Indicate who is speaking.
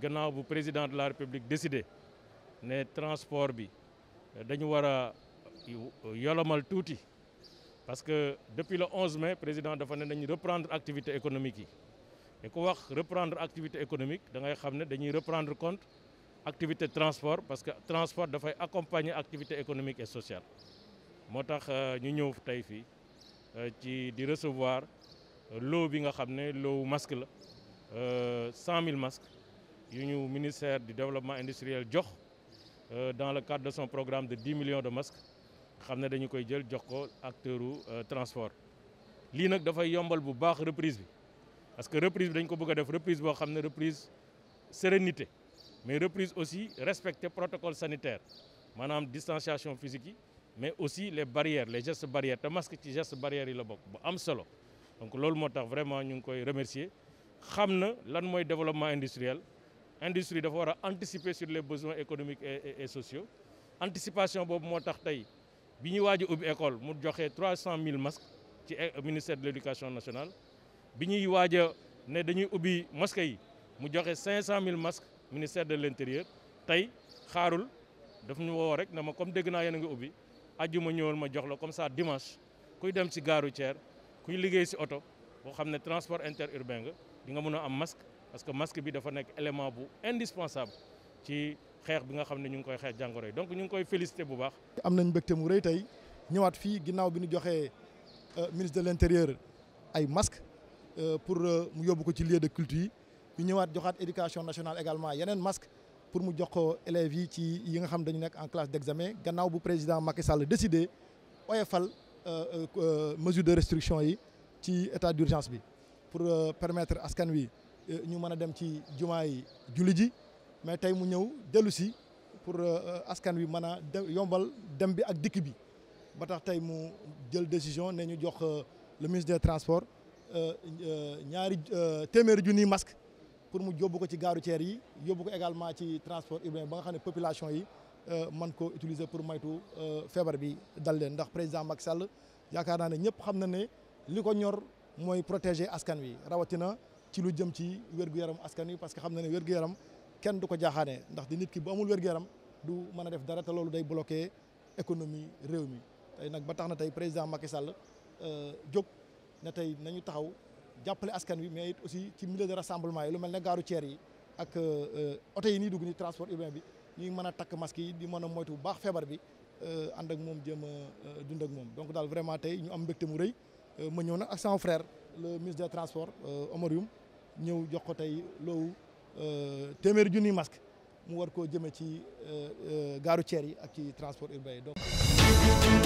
Speaker 1: Le bu président de la république décidé de transport bi dañu wara yolomal parce que depuis le 11 mai président a né reprendre activité économique Et reprendre activité économique da ngay xamné dañuy reprendre compte activité transport parce que transport doit accompagner activité économique et sociale Nous euh, avons ñu ñëw tay fi euh, ci di recevoir euh, l'eau, bi nga masque 100 000 masques le ministère du développement industriel euh, dans le cadre de son programme de 10 millions de masques Nous fait dañu koy jël jox acteur euh, transport Ce qui yombal bu reprise parce que reprise dañ reprise de reprise sérénité mais reprise aussi respecter protocole sanitaire la distanciation physique mais aussi les barrières les gestes barrières le masque les gestes barrières yi la bokk bu am solo donc vraiment ñu On koy remercier développement industriel industrie dafa war a anticiper sur les besoins économiques et et sociaux anticipation boobu moo tax tey bi ñu waaj ubbi école mu joxe 300000 masques ci eh, ministère de l' éducation nationale bi ñuy waaj a ne dañuy ubbi masques yi mu joxe 500000 masques ministère de l' intérieur tey xaarul daf ñu woo rek na ma comme dégg naa yéen a ngi ubbi ajjuma ñëwal ma jox la comme ça dimanche kuy dem ci gare routière kuy liggéey ci oto boo xam ne transport interurbain nga di nga mën a am masque parce que masque est un élément indispensable ci xex bi nga xamné ñu donc nous félicitons koy félicité bu baax.
Speaker 2: am nañ avons mu euh, ministre de l'intérieur ay masque euh, pour euh, mu yobbu ko ci lieu de culture. ñu ñëwaat joxaat éducation nationale également yenen masque pour mu jox élèves qui ci yi en classe d'examen Le bu président Macky Sall décidé des mesure de restriction yi ci d'urgence pour permettre à askan wi ñu mën a dem ci jumaa yi julli ji mais tey mu ñëw pour euh, askan wi mën yombal dem bi ak dik bi ba tax tay mu jël décision né ñu jox euh, le ministre des transports euh, ñaari téeméeri junniy masque pour mu jobbu ko ci garu ceer yi yóbbu ko également ci transport urbain ba nga xamné ne population yi man ko utiliser pour moytu feebar bi dal leen ndax président Macky Sall yaakaar né ne ñëpp xam na ñor moy protéger askan wi rawatina lu jëm ci wér yaram askan wi parce que xam na ne yaram kenn du ko jaaxaanee ndax di nit ki bu amul wér-gu-yaram du mën a def dara loolu day bloqué économie réew mi tey nag ba tax na tey président Macky Sall euh, jóg ne tey nañu taxaw jàppale askan wi mais aussi ci milieu de rassemblement yi lu mel ne gaaru ceer yi ak euh, oto yi nii dugg ni transport urbain bi ñuy mën a takk masque yi di mën a moytu bu baax feebar bi euh, ànd ak moom jëm dund ak moom donc daal vraiment tey ñu am mbégte mu rëy ma ñëw nag ak sama frère le ministre de transports Omar Youm ñëw jox ko tey loowu euh, téeméeri junniy masque mu war koo jëme ci euh, euh, gaaru ceer yi ak ci transport urbain yi